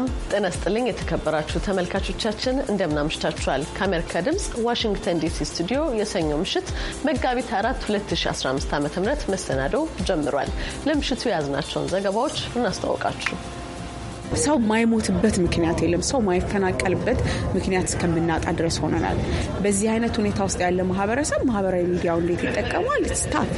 ሰላም ጤና ስጥልኝ። የተከበራችሁ ተመልካቾቻችን እንደምናምሽታችኋል። ከአሜሪካ ድምፅ ዋሽንግተን ዲሲ ስቱዲዮ የሰኞ ምሽት መጋቢት 4 2015 ዓ ም መሰናዶው ጀምሯል። ለምሽቱ የያዝናቸውን ዘገባዎች እናስተዋውቃችሁ። ሰው ማይሞትበት ምክንያት የለም። ሰው ማይፈናቀልበት ምክንያት እስከምናጣ ድረስ ሆነናል። በዚህ አይነት ሁኔታ ውስጥ ያለ ማህበረሰብ ማህበራዊ ሚዲያው እንዴት ይጠቀማል? ስታፍ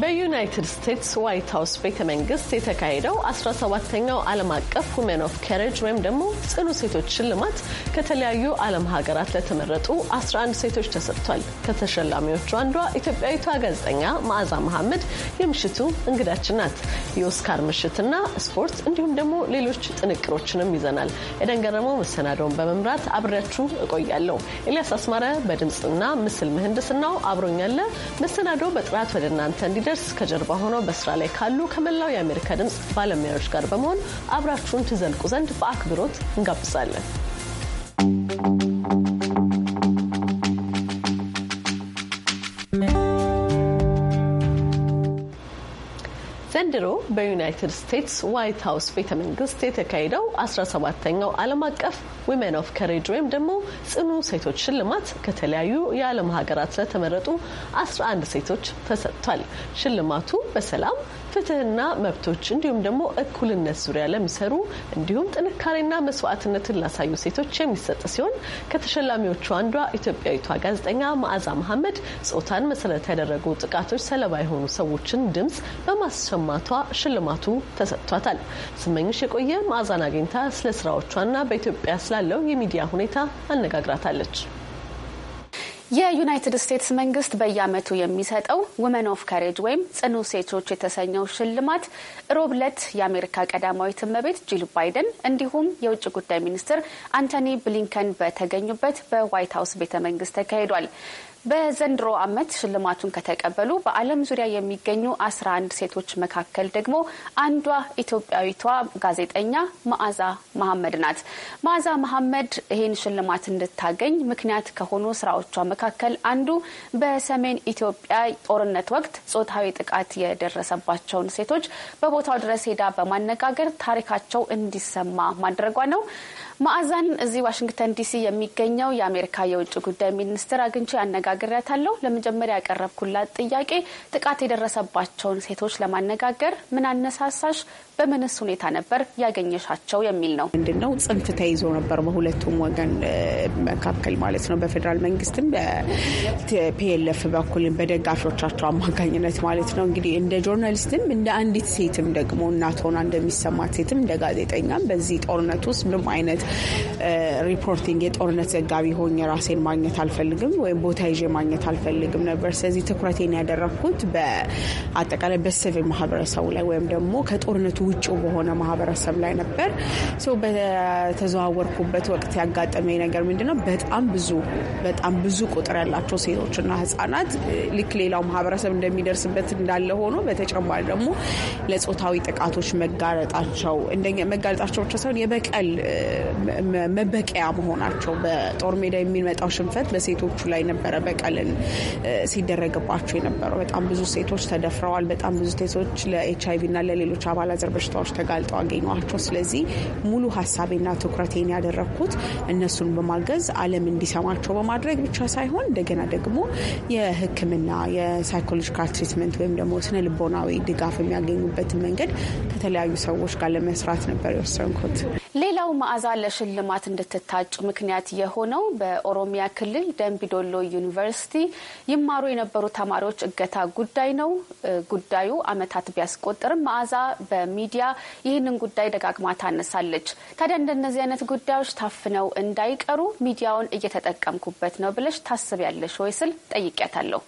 በዩናይትድ ስቴትስ ዋይት ሀውስ ቤተ መንግስት የተካሄደው 17ተኛው ዓለም አቀፍ ውሜን ኦፍ ካሬጅ ወይም ደግሞ ጽኑ ሴቶች ሽልማት ከተለያዩ ዓለም ሀገራት ለተመረጡ 11 ሴቶች ተሰጥቷል። ከተሸላሚዎቹ አንዷ ኢትዮጵያዊቷ ጋዜጠኛ መዓዛ መሐመድ የምሽቱ እንግዳችን ናት። የኦስካር ምሽትና ስፖርት እንዲሁም ደግሞ ሌሎች ጥንቅሮችንም ይዘናል። ኤደን ገረመው መሰናዶውን በመምራት አብሬያችሁ እቆያለሁ። ኤልያስ አስማረ በድምፅና ምስል ምህንድስናው አብሮኛለ። መሰናዶ በጥራት ወደ እናንተ እንዲ እንዲደርስ ከጀርባ ሆነው በስራ ላይ ካሉ ከመላው የአሜሪካ ድምፅ ባለሙያዎች ጋር በመሆን አብራችሁን ትዘልቁ ዘንድ በአክብሮት እንጋብዛለን። ዘንድሮ በዩናይትድ ስቴትስ ዋይት ሀውስ ቤተ መንግስት የተካሄደው 17ተኛው ዓለም አቀፍ ዊመን ኦፍ ከሬጅ ወይም ደግሞ ጽኑ ሴቶች ሽልማት ከተለያዩ የዓለም ሀገራት ለተመረጡ 11 ሴቶች ተሰጥቷል። ሽልማቱ በሰላም ፍትህና መብቶች እንዲሁም ደግሞ እኩልነት ዙሪያ ለሚሰሩ እንዲሁም ጥንካሬና መስዋዕትነትን ላሳዩ ሴቶች የሚሰጥ ሲሆን ከተሸላሚዎቹ አንዷ ኢትዮጵያዊቷ ጋዜጠኛ መዓዛ መሐመድ ጾታን መሰረት ያደረጉ ጥቃቶች ሰለባ የሆኑ ሰዎችን ድምጽ በማሰማቷ ሽልማቱ ተሰጥቷታል። ስመኝሽ የቆየ መዓዛን አግኝታ ስለ ስራዎቿና በኢትዮጵያ ስላለው የሚዲያ ሁኔታ አነጋግራታለች። የዩናይትድ ስቴትስ መንግስት በየአመቱ የሚሰጠው ውመን ኦፍ ካሬጅ ወይም ጽኑ ሴቶች የተሰኘው ሽልማት ሮብ የአሜሪካ ቀዳማዊት እመቤት ጂል ባይደን እንዲሁም የውጭ ጉዳይ ሚኒስትር አንቶኒ ብሊንከን በተገኙበት በዋይት ሀውስ ቤተ መንግስት ተካሂዷል። በዘንድሮ ዓመት ሽልማቱን ከተቀበሉ በዓለም ዙሪያ የሚገኙ 11 ሴቶች መካከል ደግሞ አንዷ ኢትዮጵያዊቷ ጋዜጠኛ መዓዛ መሐመድ ናት። መዓዛ መሐመድ ይህን ሽልማት እንድታገኝ ምክንያት ከሆኑ ስራዎቿ መካከል አንዱ በሰሜን ኢትዮጵያ ጦርነት ወቅት ጾታዊ ጥቃት የደረሰባቸውን ሴቶች በቦታው ድረስ ሄዳ በማነጋገር ታሪካቸው እንዲሰማ ማድረጓ ነው። መዓዛን እዚህ ዋሽንግተን ዲሲ የሚገኘው የአሜሪካ የውጭ ጉዳይ ሚኒስትር አግኝቼ ያነጋ አነጋግሬያታለሁ። ለመጀመሪያ ያቀረብኩላት ጥያቄ ጥቃት የደረሰባቸውን ሴቶች ለማነጋገር ምን አነሳሳሽ፣ በምንስ ሁኔታ ነበር ያገኘሻቸው የሚል ነው። ነው ጽንፍ ተይዞ ነበር በሁለቱም ወገን መካከል ማለት ነው። በፌዴራል መንግስትም በፒኤልኤፍ በኩልም በደጋፊዎቻቸው አማካኝነት ማለት ነው። እንግዲህ እንደ ጆርናሊስትም እንደ አንዲት ሴትም ደግሞ እናት ሆና እንደሚሰማት ሴትም እንደ ጋዜጠኛም በዚህ ጦርነት ውስጥ ምንም አይነት ሪፖርቲንግ የጦርነት ዘጋቢ ሆኜ ራሴን ማግኘት አልፈልግም ወይም ቦታ ይዤ ማግኘት አልፈልግም ነበር። ስለዚህ ትኩረቴን ያደረግኩት በአጠቃላይ በሲቪል ማህበረሰቡ ላይ ወይም ደግሞ ከጦርነቱ ውጭ በሆነ ማህበረሰብ ላይ ነበር። በተዘዋወርኩበት ወቅት ያጋጠመኝ ነገር ምንድነው? በጣም ብዙ በጣም ብዙ ቁጥር ያላቸው ሴቶችና ህጻናት ልክ ሌላው ማህበረሰብ እንደሚደርስበት እንዳለ ሆኖ በተጨማሪ ደግሞ ለጾታዊ ጥቃቶች መጋለጣቸው መጋለጣቸው ብቻ ሳይሆን የበቀል መበቀያ መሆናቸው በጦር ሜዳ የሚመጣው ሽንፈት በሴቶቹ ላይ ነበረ በቀልን ሲደረግባቸው የነበረው። በጣም ብዙ ሴቶች ተደፍረዋል። በጣም ብዙ ሴቶች ለኤች አይ እና ለሌሎች አባላዘር በሽታዎች ተጋልጠው አገኘኋቸው። ስለዚህ ሙሉ ሀሳቤና ትኩረቴን ያደረግኩት እነሱን በማገዝ ዓለም እንዲሰማቸው በማድረግ ብቻ ሳይሆን እንደገና ደግሞ የሕክምና የሳይኮሎጂካል ትሪትመንት ወይም ደግሞ ስነ ልቦናዊ ድጋፍ የሚያገኙበትን መንገድ ከተለያዩ ሰዎች ጋር ለመስራት ነበር የወሰንኩት። ሌላው መዓዛ ለሽልማት እንድትታጭ ምክንያት የሆነው በኦሮሚያ ክልል ደንቢዶሎ ዩኒቨርሲቲ ዩኒቨርሲቲ ይማሩ የነበሩ ተማሪዎች እገታ ጉዳይ ነው። ጉዳዩ አመታት ቢያስቆጥርም መዓዛ በሚዲያ ይህንን ጉዳይ ደጋግማ ታነሳለች። ታዲያ እንደነዚህ አይነት ጉዳዮች ታፍነው እንዳይቀሩ ሚዲያውን እየተጠቀምኩበት ነው ብለሽ ታስቢያለሽ ወይ ስል ጠይቄያታለሁ።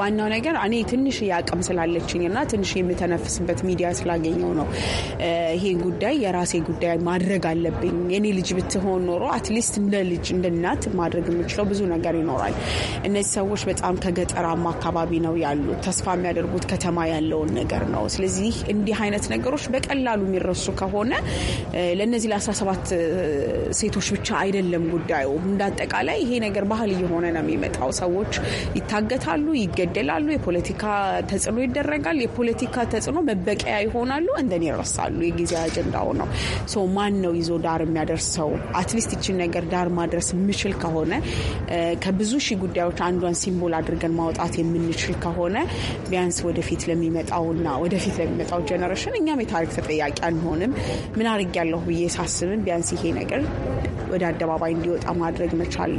ዋናው ነገር እኔ ትንሽ አቅም ስላለችኝና ትንሽ የምተነፍስበት ሚዲያ ስላገኘው ነው። ይሄ ጉዳይ የራሴ ጉዳይ ማድረግ አለብኝ። የኔ ልጅ ብትሆን ኖሮ አትሊስት እንደ ልጅ እንደ እናት ማድረግ የምችለው ብዙ ነገር ይኖራል። እነዚህ ሰዎች በጣም ከገጠራማ አካባቢ ነው ያሉ ተስፋ የሚያደርጉት ከተማ ያለውን ነገር ነው። ስለዚህ እንዲህ አይነት ነገሮች በቀላሉ የሚረሱ ከሆነ ለእነዚህ ለ17 ሴቶች ብቻ አይደለም ጉዳዩ። እንዳጠቃላይ ይሄ ነገር ባህል እየሆነ ነው የሚመጣው። ሰዎች ይታገታሉ፣ ይገደላሉ፣ የፖለቲካ ተጽዕኖ ይደረጋል። የፖለቲካ ተጽዕኖ መበቀያ ይሆናሉ፣ እንደን ይረሳሉ። የጊዜ አጀንዳው ነው። ማን ነው ይዞ ዳር የሚያደርሰው? አትሊስት ይችን ነገር ዳር ማድረስ የምችል ከሆነ ከብዙ ሺህ ጉዳዮች አንዷን ሲምቦል አድርገን ማውጣት የምንችል ከሆነ ቢያንስ ወደፊት ለሚመጣውና ወደፊት ለሚመጣው ጀነሬሽን እኛም የታሪክ ተጠያቂ አንሆንም። ምን ያለሁ ብዬ ሳስብን ቢያንስ ይሄ ነገር ወደ አደባባይ እንዲወጣ ማድረግ መቻል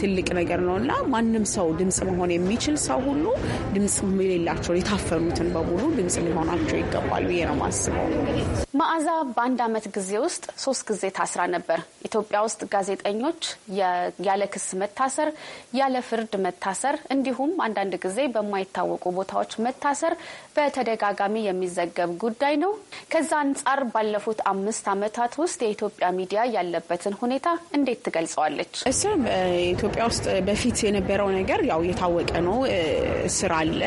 ትልቅ ነገር ነው እና ማንም ሰው ድምጽ መሆን የሚችል ሰው ሁሉ ድምጽ የሌላቸውን የታፈኑትን በሙሉ ድምጽ ሊሆናቸው ይገባል ብዬ ነው ማስበው መዓዛ በአንድ አመት ጊዜ ውስጥ ሶስት ጊዜ ታስራ ነበር። ኢትዮጵያ ውስጥ ጋዜጠኞች ያለ ክስ መታሰር፣ ያለ ፍርድ መታሰር እንዲሁም አንዳንድ ጊዜ በማይታወቁ ቦታዎች መታሰር በተደጋጋሚ የሚዘገብ ጉዳይ ነው። ከዛ አንጻር ባለፉት አምስት ዓመታት ውስጥ የኢትዮጵያ ሚዲያ ያለበትን ሁኔታ እንዴት ትገልጸዋለች? እስር ኢትዮጵያ ውስጥ በፊት የነበረው ነገር ያው የታወቀ ነው። እስር አለ።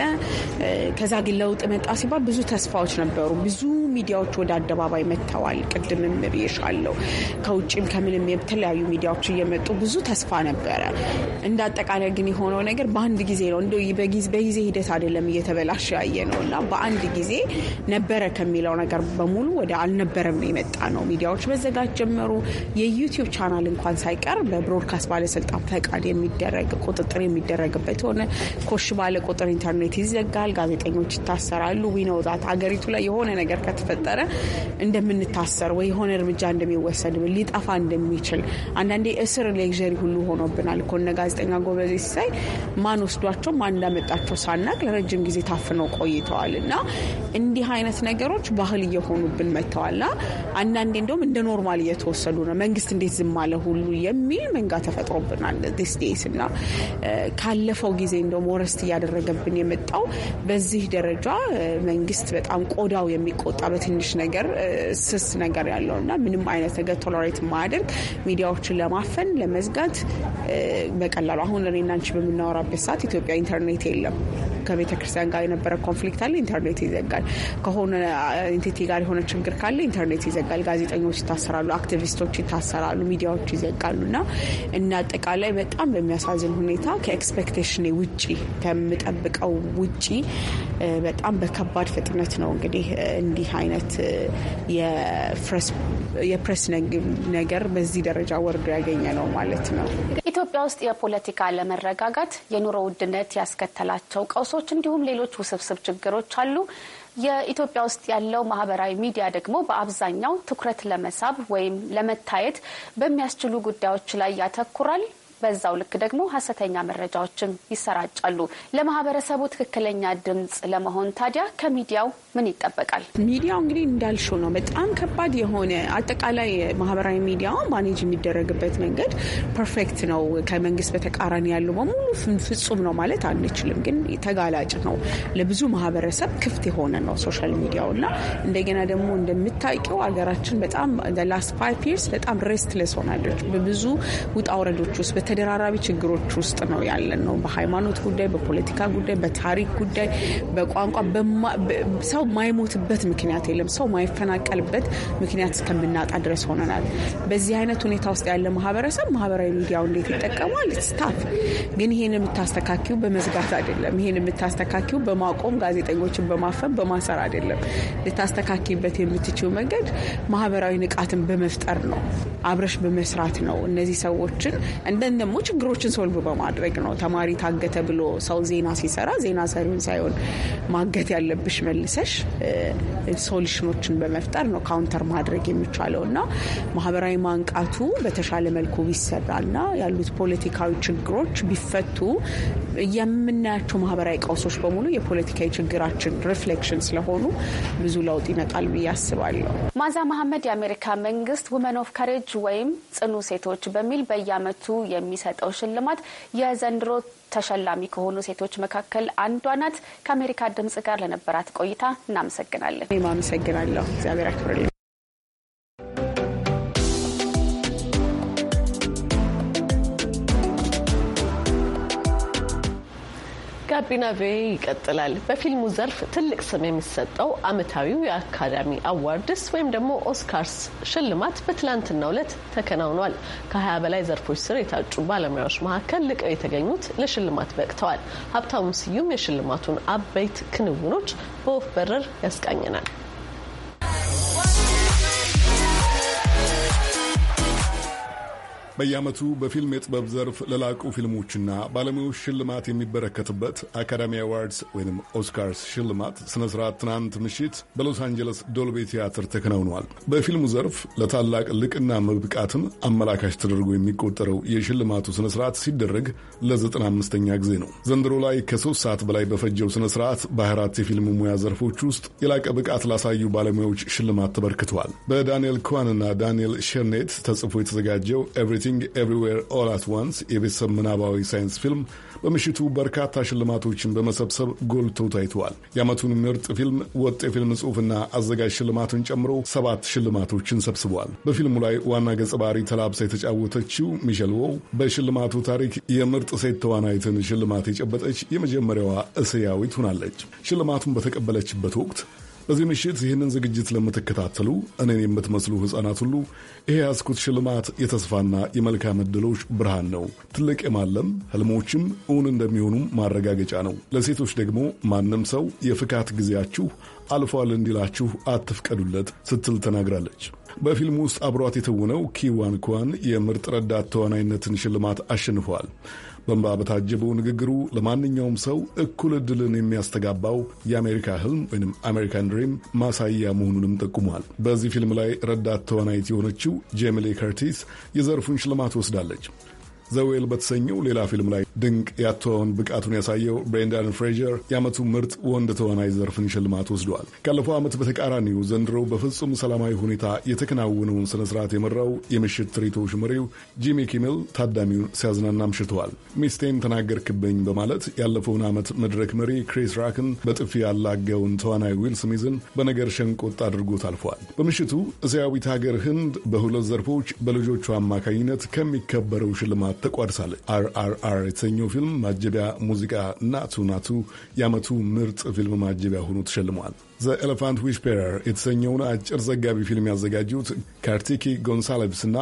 ከዛ ግን ለውጥ መጣ ሲባል ብዙ ተስፋዎች ነበሩ። ብዙ ሚዲያዎች ወደ አደባባይ መጥተዋል። ቅድምም ብዬሻለሁ። ከውጭም ከምንም የተለያዩ ሚዲያዎች እየመጡ ብዙ ተስፋ ነበረ። እንዳጠቃላይ ግን የሆነው ነገር በአንድ ጊዜ ነው እንደ በጊዜ ሂደት አይደለም እየተበላሸ ያየ ነው እና በአንድ ጊዜ ነበረ ከሚለው ነገር በሙሉ ወደ አልነበረም ነው የመጣ ነው። ሚዲያዎች መዘጋት ጀመሩ። የዩቲዩብ ቻናል እንኳን ሳይቀር በብሮድካስት ባለስልጣን ፈቃድ የሚደረግ ቁጥጥር የሚደረግበት ሆነ። ኮሽ ባለ ቁጥር ኢንተርኔት ይዘጋል፣ ጋዜጠኞች ይታሰራሉ። ዊነውዛት ሀገሪቱ ላይ የሆነ ነገር ከተፈጠረ እንደምንታሰር ወይ የሆነ እርምጃ እንደሚወሰድ ሊጠፋ እንደሚችል አንዳንዴ እስር ሌክዠሪ ሁሉ ሆኖብናል እኮ እነ ጋዜጠኛ ጎበዜ ሲሳይ ላይ ማን ወስዷቸው ማን እንዳመጣቸው ሳናቅ ለረጅም ጊዜ ታፍነው ቆይተዋል እና እንዲህ አይነት ነገሮች ባህል እየሆኑብን ና አንዳንዴ እንደውም እንደ ኖርማል እየተወሰዱ ነው። መንግስት እንዴት ዝም አለ ሁሉ የሚል መንጋ ተፈጥሮብናል ዲስዴይስ እና ካለፈው ጊዜ እንደውም ወረስት እያደረገብን የመጣው በዚህ ደረጃ መንግስት በጣም ቆዳው የሚቆጣ በትንሽ ነገር ስስ ነገር ያለው እና ምንም አይነት ነገር ቶለሬት ማያደርግ ሚዲያዎችን ለማፈን ለመዝጋት በቀላሉ አሁን እኔና በምናወራበት ሰዓት ኢትዮጵያ ኢንተርኔት የለም። ከቤተ ክርስቲያን ጋር የነበረ ኮንፍሊክት አለ፣ ኢንተርኔት ይዘጋል። ከሆነ ኢንቲቲ ጋር የሆነ ችግር ካለ ኢንተርኔት ይዘጋል። ጋዜጠኞች ይታሰራሉ፣ አክቲቪስቶች ይታሰራሉ፣ ሚዲያዎች ይዘጋሉ እና እና አጠቃላይ በጣም በሚያሳዝን ሁኔታ ከኤክስፔክቴሽን ውጪ ከምጠብቀው ውጪ በጣም በከባድ ፍጥነት ነው እንግዲህ እንዲህ አይነት የፕሬስ ነገር በዚህ ደረጃ ወርዶ ያገኘ ነው ማለት ነው። ኢትዮጵያ ውስጥ የፖለቲካ ለመረጋ መረጋጋት፣ የኑሮ ውድነት ያስከተላቸው ቀውሶች እንዲሁም ሌሎች ውስብስብ ችግሮች አሉ። የኢትዮጵያ ውስጥ ያለው ማህበራዊ ሚዲያ ደግሞ በአብዛኛው ትኩረት ለመሳብ ወይም ለመታየት በሚያስችሉ ጉዳዮች ላይ ያተኩራል። በዛው ልክ ደግሞ ሀሰተኛ መረጃዎችም ይሰራጫሉ። ለማህበረሰቡ ትክክለኛ ድምጽ ለመሆን ታዲያ ከሚዲያው ምን ይጠበቃል? ሚዲያው እንግዲህ እንዳልሽው ነው። በጣም ከባድ የሆነ አጠቃላይ ማህበራዊ ሚዲያው ማኔጅ የሚደረግበት መንገድ ፐርፌክት ነው። ከመንግስት በተቃራኒ ያሉ በሙሉ ፍጹም ነው ማለት አንችልም፣ ግን ተጋላጭ ነው። ለብዙ ማህበረሰብ ክፍት የሆነ ነው ሶሻል ሚዲያው እና እንደገና ደግሞ እንደምታውቂው ሀገራችን በጣም ላስት ፋይቭ ይርስ በጣም ሬስትለስ ሆናለች። በብዙ ውጣ ውረዶች ውስጥ ተደራራቢ ችግሮች ውስጥ ነው ያለን ነው። በሃይማኖት ጉዳይ፣ በፖለቲካ ጉዳይ፣ በታሪክ ጉዳይ፣ በቋንቋ ሰው ማይሞትበት ምክንያት የለም። ሰው ማይፈናቀልበት ምክንያት እስከምናጣ ድረስ ሆነናል። በዚህ አይነት ሁኔታ ውስጥ ያለ ማህበረሰብ ማህበራዊ ሚዲያው እንዴት ይጠቀማል? ስታፍ ግን ይሄን የምታስተካኪው በመዝጋት አይደለም። ይሄን የምታስተካኪው በማቆም ጋዜጠኞችን በማፈን በማሰር አይደለም። ልታስተካኪበት የምትችው መንገድ ማህበራዊ ንቃትን በመፍጠር ነው፣ አብረሽ በመስራት ነው። እነዚህ ሰዎችን እንደ ደግሞ ችግሮችን ሶልቭ በማድረግ ነው። ተማሪ ታገተ ብሎ ሰው ዜና ሲሰራ ዜና ሰሪውን ሳይሆን ማገት ያለብሽ መልሰሽ ሶሉሽኖችን በመፍጠር ነው ካውንተር ማድረግ የሚቻለው እና ማህበራዊ ማንቃቱ በተሻለ መልኩ ቢሰራና ያሉት ፖለቲካዊ ችግሮች ቢፈቱ የምናያቸው ማህበራዊ ቀውሶች በሙሉ የፖለቲካዊ ችግራችን ሪፍሌክሽን ስለሆኑ ብዙ ለውጥ ይመጣል ብዬ አስባለሁ። ማዛ መሐመድ የአሜሪካ መንግስት ውመን ኦፍ ካሬጅ ወይም ጽኑ ሴቶች በሚል በየአመቱ የሚ የሚሰጠው ሽልማት የዘንድሮ ተሸላሚ ከሆኑ ሴቶች መካከል አንዷ ናት። ከአሜሪካ ድምጽ ጋር ለነበራት ቆይታ እናመሰግናለን። እኔም አመሰግናለሁ። እግዚአብሔር ያክብርልኝ። ጋቢና ቬ ይቀጥላል። በፊልሙ ዘርፍ ትልቅ ስም የሚሰጠው ዓመታዊው የአካዳሚ አዋርድስ ወይም ደግሞ ኦስካርስ ሽልማት በትላንትናው ዕለት ተከናውኗል። ከ20 በላይ ዘርፎች ስር የታጩ ባለሙያዎች መካከል ልቀው የተገኙት ለሽልማት በቅተዋል። ሀብታሙ ስዩም የሽልማቱን አበይት ክንውኖች በወፍ በረር ያስቃኘናል። በየዓመቱ በፊልም የጥበብ ዘርፍ ለላቁ ፊልሞችና ባለሙያዎች ሽልማት የሚበረከትበት አካዳሚ አዋርድስ ወይም ኦስካርስ ሽልማት ስነ ስርዓት ትናንት ምሽት በሎስ አንጀለስ ዶልቤ ቲያትር ተከናውኗል። በፊልሙ ዘርፍ ለታላቅ ልቅና መብቃትን አመላካች ተደርጎ የሚቆጠረው የሽልማቱ ስነ ስርዓት ሲደረግ ለ 5 ኛ ጊዜ ነው። ዘንድሮ ላይ ከሶስት ሰዓት በላይ በፈጀው ስነ ስርዓት በአራት የፊልም ሙያ ዘርፎች ውስጥ የላቀ ብቃት ላሳዩ ባለሙያዎች ሽልማት ተበርክተዋል። በዳንኤል ኳንና ዳንኤል ሸርኔት ተጽፎ የተዘጋጀው ኤቭሪቲ ኤቭሪቲንግ ኤቭሪዌር ኦል አት ዋንስ የቤተሰብ ምናባዊ ሳይንስ ፊልም በምሽቱ በርካታ ሽልማቶችን በመሰብሰብ ጎልቶ ታይተዋል። የዓመቱን ምርጥ ፊልም፣ ወጥ የፊልም ጽሑፍና አዘጋጅ ሽልማትን ጨምሮ ሰባት ሽልማቶችን ሰብስበዋል። በፊልሙ ላይ ዋና ገጸ ባህሪ ተላብሳ የተጫወተችው ሚሸል ወው በሽልማቱ ታሪክ የምርጥ ሴት ተዋናይትን ሽልማት የጨበጠች የመጀመሪያዋ እስያዊት ሆናለች። ሽልማቱን በተቀበለችበት ወቅት በዚህ ምሽት ይህንን ዝግጅት ለምትከታተሉ እኔን የምትመስሉ ሕፃናት ሁሉ ይሄ ያስኩት ሽልማት የተስፋና የመልካም ዕድሎች ብርሃን ነው። ትልቅ የማለም ህልሞችም እውን እንደሚሆኑም ማረጋገጫ ነው። ለሴቶች ደግሞ ማንም ሰው የፍካት ጊዜያችሁ አልፏል እንዲላችሁ አትፍቀዱለት ስትል ተናግራለች። በፊልም ውስጥ አብሯት የተወነው ኪዋን ኳን የምርጥ ረዳት ተዋናይነትን ሽልማት አሸንፈዋል። በንባ በታጀበው ንግግሩ ለማንኛውም ሰው እኩል እድልን የሚያስተጋባው የአሜሪካ ህልም ወይም አሜሪካን ድሪም ማሳያ መሆኑንም ጠቁሟል። በዚህ ፊልም ላይ ረዳት ተዋናይት የሆነችው ጄሚሊ ከርቲስ የዘርፉን ሽልማት ወስዳለች። ዘዌል በተሰኘው ሌላ ፊልም ላይ ድንቅ ያተወውን ብቃቱን ያሳየው ብሬንዳን ፍሬጀር የዓመቱ ምርጥ ወንድ ተዋናይ ዘርፍን ሽልማት ወስዷል። ካለፈው ዓመት በተቃራኒው ዘንድሮ በፍጹም ሰላማዊ ሁኔታ የተከናወነውን ስነ ስርዓት የመራው የምሽት ትርኢቶች መሪው ጂሚ ኪሚል ታዳሚውን ሲያዝናና አምሽተዋል። ሚስቴን ተናገርክብኝ በማለት ያለፈውን ዓመት መድረክ መሪ ክሪስ ራክን በጥፊ ያላገውን ተዋናይ ዊል ስሚዝን በነገር ሸንቆጥ አድርጎት አልፏል። በምሽቱ እስያዊት ሀገር ህንድ በሁለት ዘርፎች በልጆቹ አማካኝነት ከሚከበረው ሽልማት ተቋድሳለች። አርአርአር የተሰኘው ፊልም ማጀቢያ ሙዚቃ ናቱ ናቱ የዓመቱ ምርጥ ፊልም ማጀቢያ ሆኖ ተሸልመዋል። ዘ ኤሌፋንት ዊሽፔረር የተሰኘውን አጭር ዘጋቢ ፊልም ያዘጋጁት ካርቲኪ ጎንሳሌቭስ እና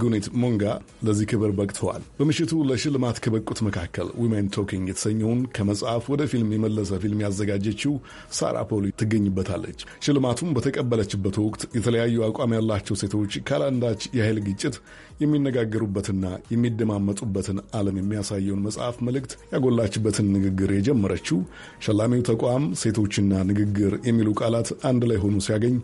ጉኔት ሞንጋ ለዚህ ክብር በቅተዋል። በምሽቱ ለሽልማት ከበቁት መካከል ዊሜን ቶኪንግ የተሰኘውን ከመጽሐፍ ወደ ፊልም የመለሰ ፊልም ያዘጋጀችው ሳራ ፖሊ ትገኝበታለች። ሽልማቱም በተቀበለችበት ወቅት የተለያዩ አቋም ያላቸው ሴቶች ካላንዳች የኃይል ግጭት የሚነጋገሩበትና የሚደማመጡበትን ዓለም የሚያሳየውን መጽሐፍ መልእክት ያጎላችበትን ንግግር የጀመረችው ሸላሚው ተቋም ሴቶችና ንግግር የሚሉ ቃላት አንድ ላይ ሆኑ ሲያገኝ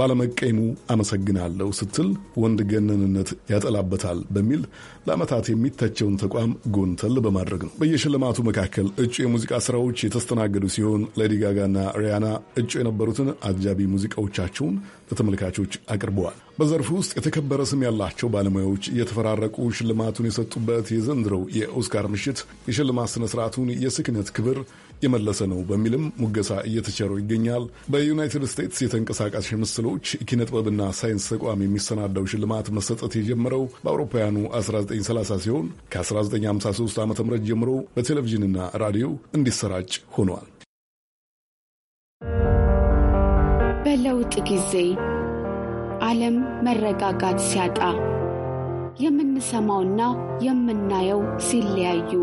ባለመቀየሙ አመሰግናለሁ ስትል ወንድ ገነንነት ያጠላበታል በሚል ለዓመታት የሚተቸውን ተቋም ጎንተል በማድረግ ነው። በየሽልማቱ መካከል እጩ የሙዚቃ ስራዎች የተስተናገዱ ሲሆን ሌዲ ጋጋና ሪያና እጩ የነበሩትን አጃቢ ሙዚቃዎቻቸውን ለተመልካቾች አቅርበዋል። በዘርፉ ውስጥ የተከበረ ስም ያላቸው ባለሙያዎች እየተፈራረቁ ሽልማቱን የሰጡበት የዘንድሮው የኦስካር ምሽት የሽልማት ስነ ስርዓቱን የስክነት ክብር የመለሰ ነው በሚልም ሙገሳ እየተቸረው ይገኛል። በዩናይትድ ስቴትስ የተንቀሳቃሽ ምስሎች ኪነጥበብና ሳይንስ ተቋም የሚሰናዳው ሽልማት መሰጠት የጀመረው በአውሮፓውያኑ 1930 ሲሆን ከ1953 ዓ ም ጀምሮ በቴሌቪዥንና ራዲዮ እንዲሰራጭ ሆኗል። በለውጥ ጊዜ ዓለም መረጋጋት ሲያጣ የምንሰማውና የምናየው ሲለያዩ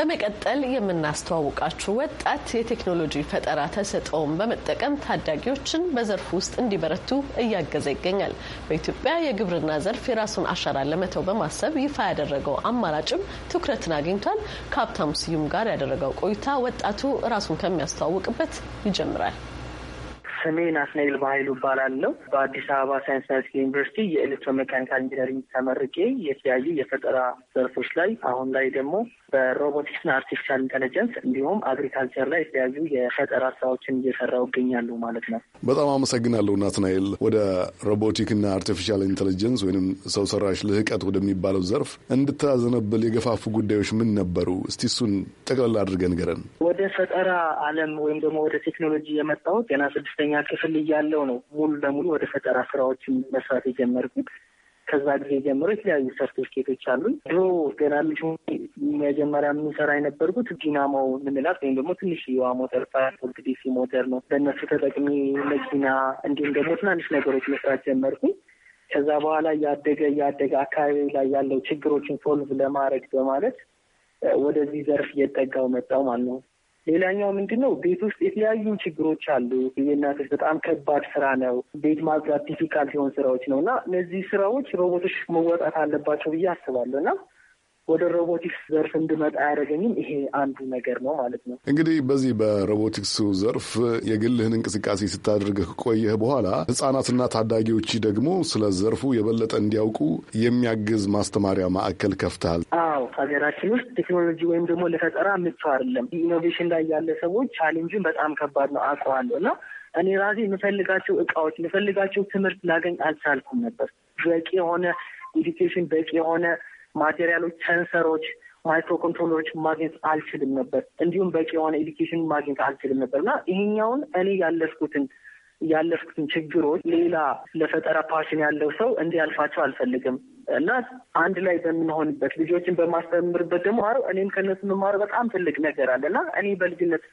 በመቀጠል የምናስተዋውቃችሁ ወጣት የቴክኖሎጂ ፈጠራ ተሰጥኦውን በመጠቀም ታዳጊዎችን በዘርፉ ውስጥ እንዲበረቱ እያገዘ ይገኛል። በኢትዮጵያ የግብርና ዘርፍ የራሱን አሻራ ለመተው በማሰብ ይፋ ያደረገው አማራጭም ትኩረትን አግኝቷል። ከሀብታሙ ስዩም ጋር ያደረገው ቆይታ ወጣቱ ራሱን ከሚያስተዋውቅበት ይጀምራል። ስሜ ናትናኤል በሀይሉ እባላለሁ። በአዲስ አበባ ሳይንስና ዩኒቨርሲቲ የኤሌክትሮ ኢንጂነሪንግ ተመርቄ የተለያዩ የፈጠራ ዘርፎች ላይ አሁን ላይ ደግሞ በሮቦቲክስና አርቲፊሻል ኢንቴሊጀንስ እንዲሁም አግሪካልቸር ላይ የተለያዩ የፈጠራ ስራዎችን እየሰራው እገኛለሁ ማለት ነው። በጣም አመሰግናለሁ ናትናኤል። ወደ ሮቦቲክና አርቲፊሻል ኢንቴሊጀንስ ወይም ሰው ሰራሽ ልህቀት ወደሚባለው ዘርፍ እንድታዘነብል የገፋፉ ጉዳዮች ምን ነበሩ? እስቲ እሱን ጠቅላላ አድርገን ገረን ወደ ፈጠራ አለም ወይም ደግሞ ወደ ቴክኖሎጂ የመጣሁት ገና ስድስተኛ አስረኛ ክፍል እያለው ነው ሙሉ ለሙሉ ወደ ፈጠራ ስራዎች መስራት የጀመርኩት። ከዛ ጊዜ ጀምሮ የተለያዩ ሰርቲፊኬቶች አሉኝ። ድሮ ገና ልጅ መጀመሪያ የምንሰራ የነበርኩት ዲናሞ የምንላት ወይም ደግሞ ትንሽ የዋ ሞተር ፓወርድ ዲሲ ሞተር ነው። በእነሱ ተጠቅሜ መኪና እንዲሁም ደግሞ ትናንሽ ነገሮች መስራት ጀመርኩኝ። ከዛ በኋላ እያደገ እያደገ አካባቢ ላይ ያለው ችግሮችን ሶልቭ ለማድረግ በማለት ወደዚህ ዘርፍ እየጠጋው መጣው ማለት ነው። ሌላኛው ምንድን ነው ቤት ውስጥ የተለያዩ ችግሮች አሉ። የእናቶች በጣም ከባድ ስራ ነው። ቤት ማጽዳት ዲፊካልት የሆኑ ስራዎች ነው እና እነዚህ ስራዎች ሮቦቶች መወጣት አለባቸው ብዬ አስባለሁ እና ወደ ሮቦቲክስ ዘርፍ እንድመጣ ያደረገኝም ይሄ አንዱ ነገር ነው ማለት ነው። እንግዲህ በዚህ በሮቦቲክሱ ዘርፍ የግልህን እንቅስቃሴ ስታደርግ ቆየህ በኋላ ህጻናትና ታዳጊዎች ደግሞ ስለ ዘርፉ የበለጠ እንዲያውቁ የሚያግዝ ማስተማሪያ ማዕከል ከፍታል። አዎ ሀገራችን ውስጥ ቴክኖሎጂ ወይም ደግሞ ለፈጠራ ምቹ አይደለም። ኢኖቬሽን ላይ ያለ ሰዎች ቻሌንጅን በጣም ከባድ ነው አውቀዋለሁ እና እኔ ራሴ የምፈልጋቸው እቃዎች የምፈልጋቸው ትምህርት ላገኝ አልቻልኩም ነበር። በቂ የሆነ ኤዲኬሽን በቂ የሆነ ማቴሪያሎች፣ ሰንሰሮች፣ ማይክሮ ኮንትሮለሮች ማግኘት አልችልም ነበር። እንዲሁም በቂ የሆነ ኤዲኬሽን ማግኘት አልችልም ነበር እና ይሄኛውን እኔ ያለፍኩትን ያለፍኩትን ችግሮች ሌላ ለፈጠራ ፓሽን ያለው ሰው እንዲያልፋቸው አልፈልግም እና አንድ ላይ በምንሆንበት ልጆችን በማስተምርበት ደግሞ ማረው እኔም ከእነሱ መማር በጣም ትልቅ ነገር አለ እና እኔ በልጅነት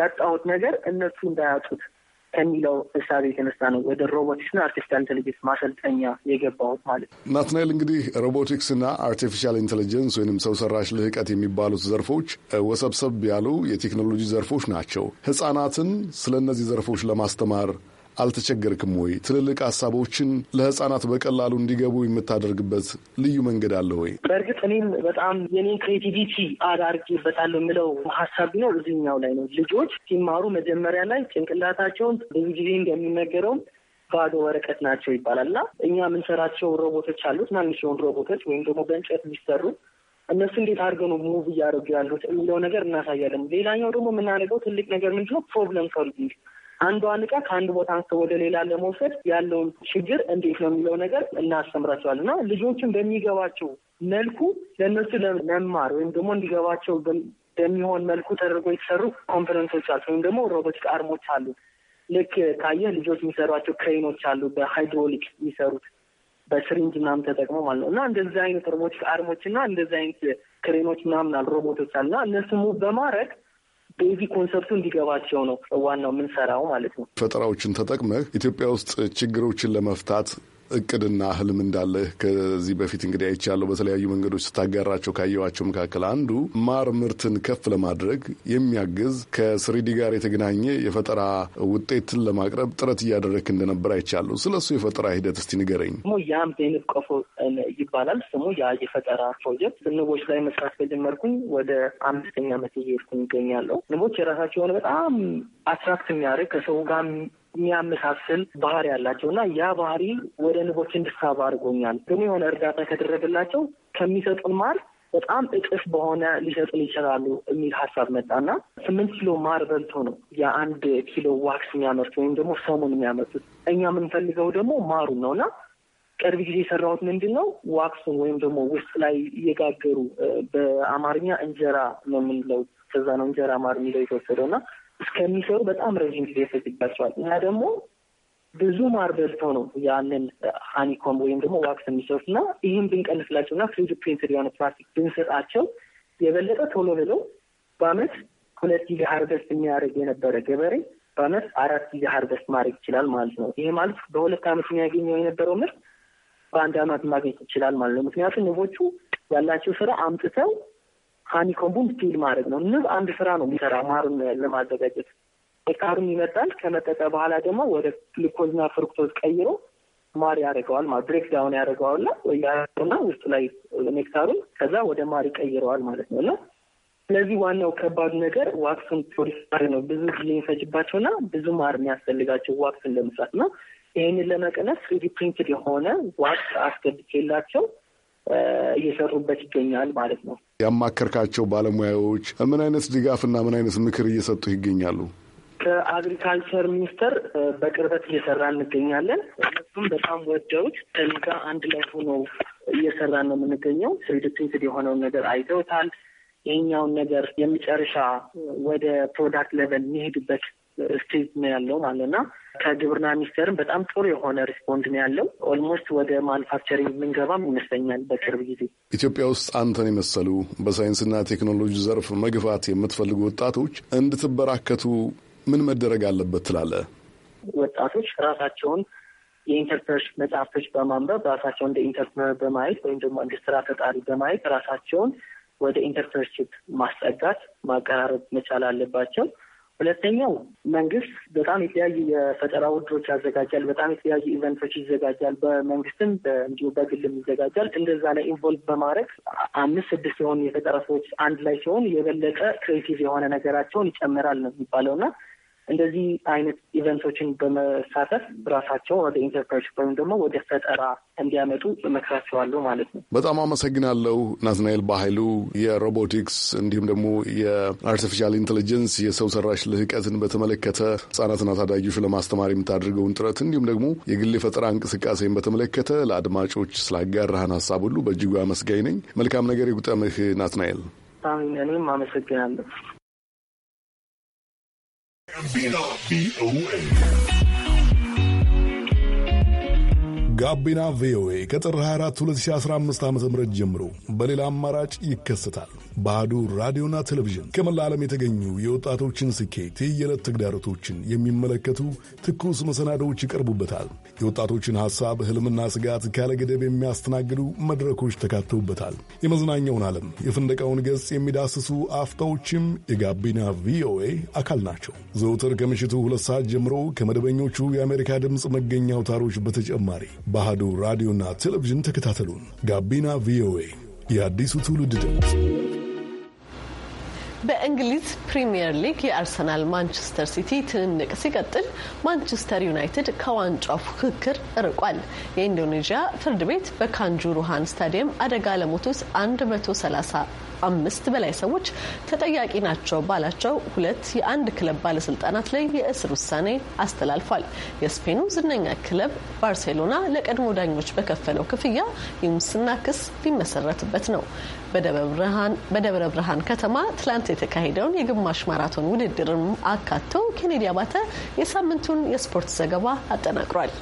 ያጣሁት ነገር እነሱ እንዳያጡት ከሚለው እሳቤ የተነሳ ነው ወደ ሮቦቲክስና አርቲፊሻል ኢንቴሊጀንስ ማሰልጠኛ የገባሁት ማለት ነው። ናትናኤል እንግዲህ ሮቦቲክስና አርቲፊሻል ኢንቴሊጀንስ ወይም ሰው ሰራሽ ልህቀት የሚባሉት ዘርፎች ወሰብሰብ ያሉ የቴክኖሎጂ ዘርፎች ናቸው። ህጻናትን ስለ እነዚህ ዘርፎች ለማስተማር አልተቸገርክም ወይ? ትልልቅ ሀሳቦችን ለህጻናት በቀላሉ እንዲገቡ የምታደርግበት ልዩ መንገድ አለ ወይ? በእርግጥ እኔም በጣም የኔን ክሬቲቪቲ አዳርጌበታለሁ የምለው ሀሳብ ቢኖር እዚህኛው ላይ ነው። ልጆች ሲማሩ መጀመሪያ ላይ ጭንቅላታቸውን ብዙ ጊዜ እንደሚነገረውም ባዶ ወረቀት ናቸው ይባላል እና እኛ የምንሰራቸው ሮቦቶች አሉት ትናንሽ ሮቦቶች ወይም ደግሞ በእንጨት የሚሰሩ እነሱ እንዴት አድርገው ነው ሙቭ እያደረጉ ያሉት የሚለው ነገር እናሳያለን። ሌላኛው ደግሞ የምናደርገው ትልቅ ነገር ምንድነው ፕሮብለም ሶልቪንግ አንዷን እቃ ከአንድ ቦታ አንስቶ ወደ ሌላ ለመውሰድ ያለውን ችግር እንዴት ነው የሚለው ነገር እናስተምራቸዋል እና ልጆችን በሚገባቸው መልኩ ለእነሱ ለመማር ወይም ደግሞ እንዲገባቸው በሚሆን መልኩ ተደርጎ የተሰሩ ኮንፈረንሶች አሉ ወይም ደግሞ ሮቦቲክ አርሞች አሉ። ልክ ካየ ልጆች የሚሰሯቸው ክሬኖች አሉ፣ በሃይድሮሊክ የሚሰሩት በስሪንጅ ምናምን ተጠቅሞ ማለት ነው እና እንደዚህ አይነት ሮቦቲክ አርሞች እና እንደዚህ አይነት ክሬኖች ምናምን አሉ፣ ሮቦቶች አሉ እና እነሱ በማድረግ ቤዚ ኮንሰፕቱ እንዲገባቸው ነው ዋናው የምንሰራው ማለት ነው። ፈጠራዎችን ተጠቅመህ ኢትዮጵያ ውስጥ ችግሮችን ለመፍታት እቅድና ህልም እንዳለህ ከዚህ በፊት እንግዲህ አይቻለሁ። በተለያዩ መንገዶች ስታጋራቸው ካየዋቸው መካከል አንዱ ማር ምርትን ከፍ ለማድረግ የሚያግዝ ከስሪዲ ጋር የተገናኘ የፈጠራ ውጤትን ለማቅረብ ጥረት እያደረግክ እንደነበር አይቻለሁ። ስለ እሱ የፈጠራ ሂደት እስቲ ንገረኝ። ስሙ የአምቴንፍ ቆፎ ይባላል። ስሙ ያ የፈጠራ ፕሮጀክት ንቦች ላይ መስራት ከጀመርኩኝ ወደ አምስተኛ ዓመት ይገኛለሁ። ንቦች የራሳቸው የሆነ በጣም አትራክት የሚያደርግ ከሰው ጋር የሚያመሳስል ባህሪ ያላቸው እና ያ ባህሪ ወደ ንቦች እንድሳባ አድርጎኛል። ግን የሆነ እርዳታ ከደረገላቸው ከሚሰጡን ማር በጣም እጥፍ በሆነ ሊሰጡን ይችላሉ የሚል ሀሳብ መጣና ስምንት ኪሎ ማር በልቶ ነው የአንድ ኪሎ ዋክስ የሚያመርቱ ወይም ደግሞ ሰሙን የሚያመርቱት። እኛ የምንፈልገው ደግሞ ማሩን ነው እና ቅርብ ጊዜ የሰራሁት ምንድን ነው ዋክሱን ወይም ደግሞ ውስጥ ላይ እየጋገሩ በአማርኛ እንጀራ ነው የምንለው ከዛ ነው እንጀራ ማር የሚለው የተወሰደው እና እስከሚሰሩ በጣም ረዥም ጊዜ ይፈጅባቸዋል። እና ደግሞ ብዙ በልተው ነው ያንን ሃኒኮም ወይም ደግሞ ዋክስ የሚሰሩት እና ይህም ብንቀንስላቸው እና ፍሪድ ፕሪንትድ የሆነ ፕላስቲክ ብንሰጣቸው የበለጠ ቶሎ ብለው በአመት ሁለት ጊዜ ሀርቨስት የሚያደርግ የነበረ ገበሬ በአመት አራት ጊዜ ሀርቨስት ማድረግ ይችላል ማለት ነው። ይሄ ማለት በሁለት አመት የሚያገኘው የነበረው ምርት በአንድ አመት ማግኘት ይችላል ማለት ነው። ምክንያቱም ንቦቹ ያላቸው ስራ አምጥተው ሃኒኮምቡን ፊል ማድረግ ነው። ንብ አንድ ስራ ነው የሚሰራ ማሩን ለማዘጋጀት ካሩን ይመጣል። ከመጠጠ በኋላ ደግሞ ወደ ግሉኮዝና ፍርክቶዝ ቀይሮ ማር ያደርገዋል ማለት ብሬክ ዳውን ያደርገዋልና ያደርገውና ውስጥ ላይ ኔክታሩን ከዛ ወደ ማር ይቀይረዋል ማለት ነው እና ስለዚህ ዋናው ከባዱ ነገር ዋክስን ፕሮዲስ ማድረግ ነው። ብዙ ጊዜ የሚፈጅባቸውና ብዙ ማር የሚያስፈልጋቸው ዋክስን ለመስራት ነው። ይህንን ለመቀነስ ስሪዲ ፕሪንትድ የሆነ ዋክስ አስገብቼላቸው እየሰሩበት ይገኛል ማለት ነው። ያማከርካቸው ባለሙያዎች ምን አይነት ድጋፍና ምን አይነት ምክር እየሰጡ ይገኛሉ? ከአግሪካልቸር ሚኒስቴር በቅርበት እየሰራ እንገኛለን። እነሱም በጣም ወደውት ከሚጋ አንድ ላይ ሆኖ እየሰራ ነው የምንገኘው። ስሪድፕሪንትድ የሆነውን ነገር አይተውታል። ይህኛውን ነገር የመጨረሻ ወደ ፕሮዳክት ሌቨል የሚሄድበት ስቴት ነው ያለው ማለት ና ከግብርና ሚኒስቴርም በጣም ጥሩ የሆነ ሪስፖንድ ነው ያለው። ኦልሞስት ወደ ማኑፋክቸሪንግ የምንገባም ይመስለኛል በቅርብ ጊዜ። ኢትዮጵያ ውስጥ አንተን የመሰሉ በሳይንስና ቴክኖሎጂ ዘርፍ መግፋት የምትፈልጉ ወጣቶች እንድትበራከቱ ምን መደረግ አለበት ትላለህ? ወጣቶች ራሳቸውን የኢንተርፕሽ መጽሐፍቶች በማንበብ ራሳቸውን እንደ ኢንተርፕረነር በማየት ወይም ደግሞ እንደ ስራ ፈጣሪ በማየት ራሳቸውን ወደ ኢንተርፕረነርሺፕ ማስጠጋት ማቀራረብ መቻል አለባቸው። ሁለተኛው መንግስት በጣም የተለያዩ የፈጠራ ውድሮች ያዘጋጃል። በጣም የተለያዩ ኢቨንቶች ይዘጋጃል። በመንግስትም እንዲሁ በግልም ይዘጋጃል። እንደዛ ላይ ኢንቮልቭ በማድረግ አምስት ስድስት የሆኑ የፈጠራ ሰዎች አንድ ላይ ሲሆን የበለጠ ክሬቲቭ የሆነ ነገራቸውን ይጨምራል ነው የሚባለው እና እንደዚህ አይነት ኢቨንቶችን በመሳተፍ ራሳቸው ወደ ኢንተርፕርነርሺፕ ወይም ደግሞ ወደ ፈጠራ እንዲያመጡ መክራቸዋለሁ ማለት ነው። በጣም አመሰግናለሁ ናትናኤል በኃይሉ የሮቦቲክስ እንዲሁም ደግሞ የአርቲፊሻል ኢንቴሊጀንስ የሰው ሰራሽ ልህቀትን በተመለከተ ህጻናትና ታዳጊዎች ለማስተማር የምታደርገውን ጥረት እንዲሁም ደግሞ የግል የፈጠራ እንቅስቃሴን በተመለከተ ለአድማጮች ስላጋራህን ሀሳብ ሁሉ በእጅጉ አመስጋኝ ነኝ። መልካም ነገር ይጉጠምህ ናትናኤል። እኔም አመሰግናለሁ። ጋቢና ቪኦኤ ከጥር 24 2015 ዓ ም ጀምሮ በሌላ አማራጭ ይከሰታል። ባህዱ ራዲዮና ቴሌቪዥን ከመላ ዓለም የተገኙ የወጣቶችን ስኬት፣ የየዕለት ተግዳሮቶችን የሚመለከቱ ትኩስ መሰናዶዎች ይቀርቡበታል። የወጣቶችን ሐሳብ፣ ህልምና ስጋት ካለገደብ የሚያስተናግዱ መድረኮች ተካተውበታል። የመዝናኛውን ዓለም፣ የፍንደቃውን ገጽ የሚዳስሱ አፍታዎችም የጋቢና ቪኦኤ አካል ናቸው። ዘውትር ከምሽቱ ሁለት ሰዓት ጀምሮ ከመደበኞቹ የአሜሪካ ድምፅ መገኛ አውታሮች በተጨማሪ ባህዶ ራዲዮና ቴሌቪዥን ተከታተሉን። ጋቢና ቪኦኤ የአዲሱ ትውልድ ድምፅ በእንግሊዝ ፕሪምየር ሊግ የአርሰናል ማንቸስተር ሲቲ ትንንቅ ሲቀጥል ማንቸስተር ዩናይትድ ከዋንጫው ፉክክር ርቋል። የኢንዶኔዥያ ፍርድ ቤት በካንጁሩሃን ስታዲየም አደጋ ለሞቱት አምስት በላይ ሰዎች ተጠያቂ ናቸው ባላቸው ሁለት የአንድ ክለብ ባለስልጣናት ላይ የእስር ውሳኔ አስተላልፏል። የስፔኑ ዝነኛ ክለብ ባርሴሎና ለቀድሞ ዳኞች በከፈለው ክፍያ የሙስና ክስ ሊመሰረትበት ነው። በደብረ ብርሃን ከተማ ትላንት የተካሄደውን የግማሽ ማራቶን ውድድርም አካቶ ኬኔዲ አባተ የሳምንቱን የስፖርት ዘገባ አጠናቅሯል።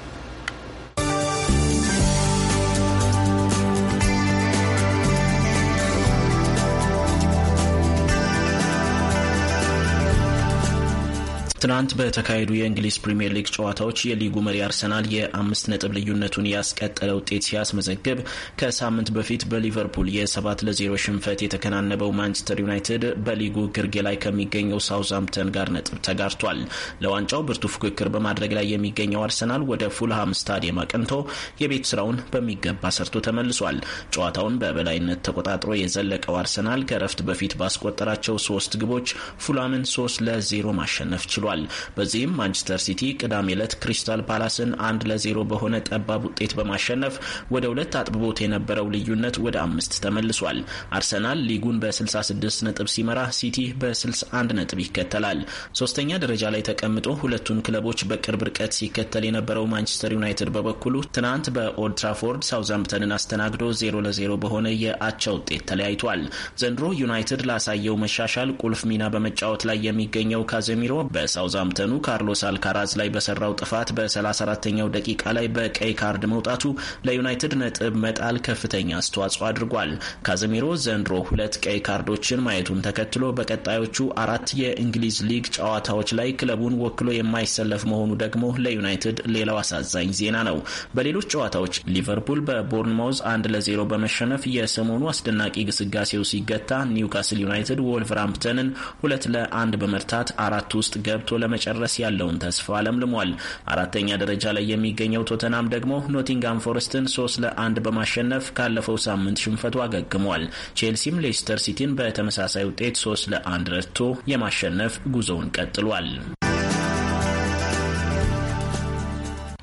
ትናንት በተካሄዱ የእንግሊዝ ፕሪምየር ሊግ ጨዋታዎች የሊጉ መሪ አርሰናል የአምስት ነጥብ ልዩነቱን ያስቀጠለ ውጤት ሲያስመዘግብ ከሳምንት በፊት በሊቨርፑል የሰባት ለዜሮ ሽንፈት የተከናነበው ማንቸስተር ዩናይትድ በሊጉ ግርጌ ላይ ከሚገኘው ሳውዝሃምፕተን ጋር ነጥብ ተጋርቷል። ለዋንጫው ብርቱ ፉክክር በማድረግ ላይ የሚገኘው አርሰናል ወደ ፉልሃም ስታዲየም አቅንቶ የቤት ስራውን በሚገባ ሰርቶ ተመልሷል። ጨዋታውን በበላይነት ተቆጣጥሮ የዘለቀው አርሰናል ከረፍት በፊት ባስቆጠራቸው ሶስት ግቦች ፉልሃምን ሶስት ለዜሮ ማሸነፍ ችሏል። ተመልክቷል። በዚህም ማንቸስተር ሲቲ ቅዳሜ ዕለት ክሪስታል ፓላስን አንድ ለዜሮ በሆነ ጠባብ ውጤት በማሸነፍ ወደ ሁለት አጥብቦት የነበረው ልዩነት ወደ አምስት ተመልሷል። አርሰናል ሊጉን በ66 ነጥብ ሲመራ፣ ሲቲ በ61 ነጥብ ይከተላል። ሶስተኛ ደረጃ ላይ ተቀምጦ ሁለቱን ክለቦች በቅርብ ርቀት ሲከተል የነበረው ማንቸስተር ዩናይትድ በበኩሉ ትናንት በኦልትራፎርድ ትራፎርድ ሳውዝሃምፕተንን አስተናግዶ 0 ለ0 በሆነ የአቻ ውጤት ተለያይቷል። ዘንድሮ ዩናይትድ ላሳየው መሻሻል ቁልፍ ሚና በመጫወት ላይ የሚገኘው ካዘሚሮ በሳ ሳውዛምተኑ ካርሎስ አልካራዝ ላይ በሰራው ጥፋት በ34ኛው ደቂቃ ላይ በቀይ ካርድ መውጣቱ ለዩናይትድ ነጥብ መጣል ከፍተኛ አስተዋጽኦ አድርጓል። ካዘሚሮ ዘንድሮ ሁለት ቀይ ካርዶችን ማየቱን ተከትሎ በቀጣዮቹ አራት የእንግሊዝ ሊግ ጨዋታዎች ላይ ክለቡን ወክሎ የማይሰለፍ መሆኑ ደግሞ ለዩናይትድ ሌላው አሳዛኝ ዜና ነው። በሌሎች ጨዋታዎች ሊቨርፑል በቦርንማውዝ አንድ ለዜሮ በመሸነፍ የሰሞኑ አስደናቂ ግስጋሴው ሲገታ ኒውካስል ዩናይትድ ወልቨርሃምፕተንን ሁለት ለአንድ በመርታት አራት ውስጥ ገብቶ ለመጨረስ ያለውን ተስፋ አለምልሟል። አራተኛ ደረጃ ላይ የሚገኘው ቶተናም ደግሞ ኖቲንጋም ፎረስትን ሶስት ለአንድ በማሸነፍ ካለፈው ሳምንት ሽንፈቱ አገግሟል። ቼልሲም ሌስተር ሲቲን በተመሳሳይ ውጤት ሶስት ለአንድ ረትቶ የማሸነፍ ጉዞውን ቀጥሏል።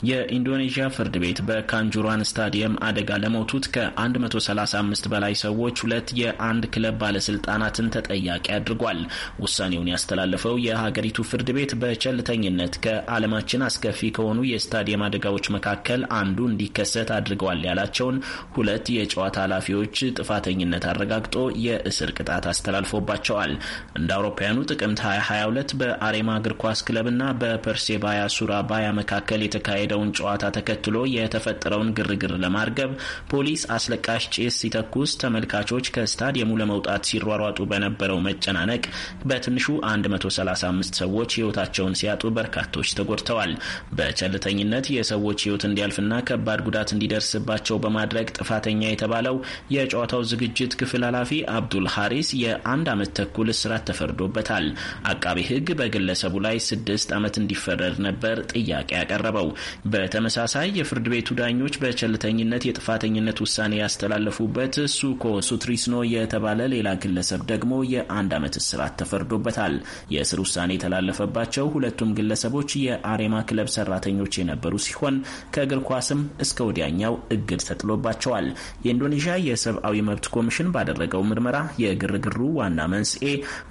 የኢንዶኔዥያ ፍርድ ቤት በካንጁሯን ስታዲየም አደጋ ለሞቱት ከ135 በላይ ሰዎች ሁለት የአንድ ክለብ ባለስልጣናትን ተጠያቂ አድርጓል። ውሳኔውን ያስተላለፈው የሀገሪቱ ፍርድ ቤት በቸልተኝነት ከዓለማችን አስከፊ ከሆኑ የስታዲየም አደጋዎች መካከል አንዱ እንዲከሰት አድርገዋል ያላቸውን ሁለት የጨዋታ ኃላፊዎች ጥፋተኝነት አረጋግጦ የእስር ቅጣት አስተላልፎባቸዋል። እንደ አውሮፓውያኑ ጥቅምት 2022 በአሬማ እግር ኳስ ክለብና በፐርሴባያ ሱራባያ መካከል የተካሄደ የተካሄደውን ጨዋታ ተከትሎ የተፈጠረውን ግርግር ለማርገብ ፖሊስ አስለቃሽ ጭስ ሲተኩስ ተመልካቾች ከስታዲየሙ ለመውጣት ሲሯሯጡ በነበረው መጨናነቅ በትንሹ 135 ሰዎች ሕይወታቸውን ሲያጡ በርካቶች ተጎድተዋል። በቸልተኝነት የሰዎች ሕይወት እንዲያልፍና ከባድ ጉዳት እንዲደርስባቸው በማድረግ ጥፋተኛ የተባለው የጨዋታው ዝግጅት ክፍል ኃላፊ አብዱል ሀሪስ የአንድ ዓመት ተኩል እስራት ተፈርዶበታል። አቃቢ ሕግ በግለሰቡ ላይ ስድስት ዓመት እንዲፈረድ ነበር ጥያቄ ያቀረበው። በተመሳሳይ የፍርድ ቤቱ ዳኞች በቸልተኝነት የጥፋተኝነት ውሳኔ ያስተላለፉበት ሱኮ ሱትሪስኖ የተባለ ሌላ ግለሰብ ደግሞ የአንድ ዓመት እስራት ተፈርዶበታል። የእስር ውሳኔ የተላለፈባቸው ሁለቱም ግለሰቦች የአሬማ ክለብ ሰራተኞች የነበሩ ሲሆን ከእግር ኳስም እስከ ወዲያኛው እግድ ተጥሎባቸዋል። የኢንዶኔዥያ የሰብአዊ መብት ኮሚሽን ባደረገው ምርመራ የግርግሩ ዋና መንስኤ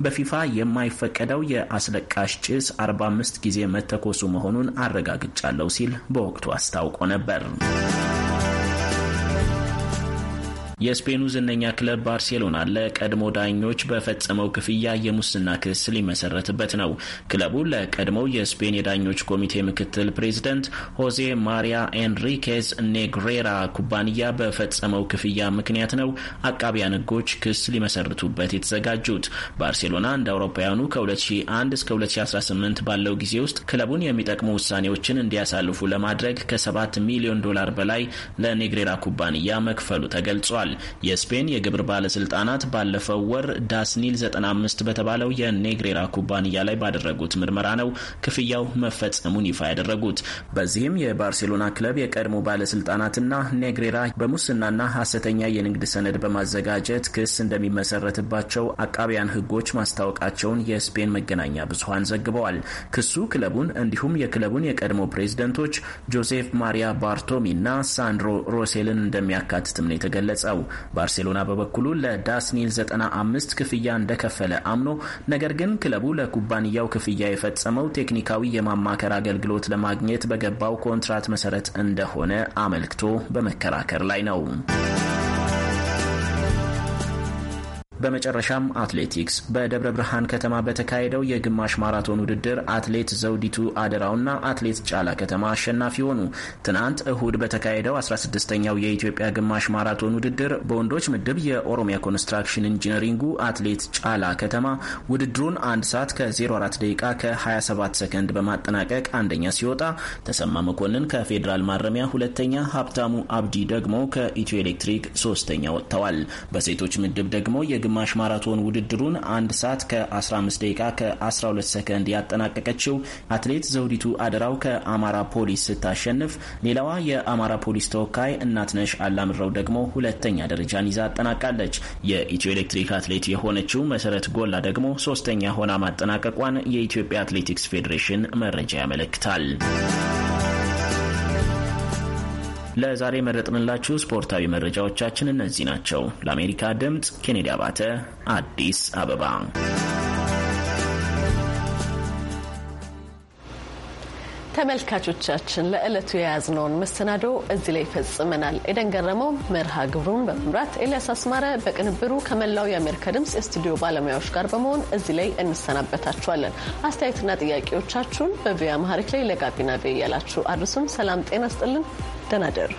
በፊፋ የማይፈቀደው የአስለቃሽ ጭስ 45 ጊዜ መተኮሱ መሆኑን አረጋግጫለሁ ሲል በወቅቱ አስታውቆ ነበር። የስፔኑ ዝነኛ ክለብ ባርሴሎና ለቀድሞ ዳኞች በፈጸመው ክፍያ የሙስና ክስ ሊመሰረትበት ነው። ክለቡ ለቀድሞው የስፔን የዳኞች ኮሚቴ ምክትል ፕሬዚደንት ሆዜ ማሪያ ኤንሪኬዝ ኔግሬራ ኩባንያ በፈጸመው ክፍያ ምክንያት ነው አቃቢያን ሕጎች ክስ ሊመሰርቱበት የተዘጋጁት። ባርሴሎና እንደ አውሮፓውያኑ ከ2001 እስከ 2018 ባለው ጊዜ ውስጥ ክለቡን የሚጠቅሙ ውሳኔዎችን እንዲያሳልፉ ለማድረግ ከ7 ሚሊዮን ዶላር በላይ ለኔግሬራ ኩባንያ መክፈሉ ተገልጿል። ገልጸዋል። የስፔን የግብር ባለስልጣናት ባለፈው ወር ዳስኒል 95 በተባለው የኔግሬራ ኩባንያ ላይ ባደረጉት ምርመራ ነው ክፍያው መፈጸሙን ይፋ ያደረጉት። በዚህም የባርሴሎና ክለብ የቀድሞ ባለስልጣናትና ኔግሬራ በሙስናና ሐሰተኛ የንግድ ሰነድ በማዘጋጀት ክስ እንደሚመሰረትባቸው አቃቢያን ህጎች ማስታወቃቸውን የስፔን መገናኛ ብዙሀን ዘግበዋል። ክሱ ክለቡን እንዲሁም የክለቡን የቀድሞ ፕሬዝደንቶች ጆሴፍ ማሪያ ባርቶሚ እና ሳንድሮ ሮሴልን እንደሚያካትትም ነው የተገለጸው። ነው። ባርሴሎና በበኩሉ ለዳስኒል 95 ክፍያ እንደከፈለ አምኖ ነገር ግን ክለቡ ለኩባንያው ክፍያ የፈጸመው ቴክኒካዊ የማማከር አገልግሎት ለማግኘት በገባው ኮንትራት መሰረት እንደሆነ አመልክቶ በመከራከር ላይ ነው። በመጨረሻም አትሌቲክስ በደብረ ብርሃን ከተማ በተካሄደው የግማሽ ማራቶን ውድድር አትሌት ዘውዲቱ አደራውና አትሌት ጫላ ከተማ አሸናፊ ሆኑ። ትናንት እሁድ በተካሄደው 16ኛው የኢትዮጵያ ግማሽ ማራቶን ውድድር በወንዶች ምድብ የኦሮሚያ ኮንስትራክሽን ኢንጂነሪንጉ አትሌት ጫላ ከተማ ውድድሩን አንድ ሰዓት ከ04 ደቂቃ ከ27 ሰከንድ በማጠናቀቅ አንደኛ ሲወጣ፣ ተሰማ መኮንን ከፌዴራል ማረሚያ ሁለተኛ፣ ሀብታሙ አብዲ ደግሞ ከኢትዮ ኤሌክትሪክ ሶስተኛ ወጥተዋል። በሴቶች ምድብ ደግሞ የግማሽ ማራቶን ውድድሩን አንድ ሰዓት ከ15 ደቂቃ ከ12 ሰከንድ ያጠናቀቀችው አትሌት ዘውዲቱ አደራው ከአማራ ፖሊስ ስታሸንፍ፣ ሌላዋ የአማራ ፖሊስ ተወካይ እናትነሽ አላምረው ደግሞ ሁለተኛ ደረጃን ይዛ አጠናቃለች። የኢትዮ ኤሌክትሪክ አትሌት የሆነችው መሰረት ጎላ ደግሞ ሶስተኛ ሆና ማጠናቀቋን የኢትዮጵያ አትሌቲክስ ፌዴሬሽን መረጃ ያመለክታል። ለዛሬ መረጥንላችሁ ስፖርታዊ መረጃዎቻችን እነዚህ ናቸው። ለአሜሪካ ድምፅ ኬኔዲ አባተ አዲስ አበባ። ተመልካቾቻችን ለዕለቱ የያዝነውን መሰናዶ እዚህ ላይ ይፈጽመናል። ኤደን ገረመው መርሃ ግብሩን በመምራት ኤልያስ አስማረ በቅንብሩ ከመላው የአሜሪካ ድምፅ የስቱዲዮ ባለሙያዎች ጋር በመሆን እዚህ ላይ እንሰናበታችኋለን። አስተያየትና ጥያቄዎቻችሁን በቪያ መሀሪክ ላይ ለጋቢና ቪ እያላችሁ አድርሱን። ሰላም ጤና ስጥልን። ደናደር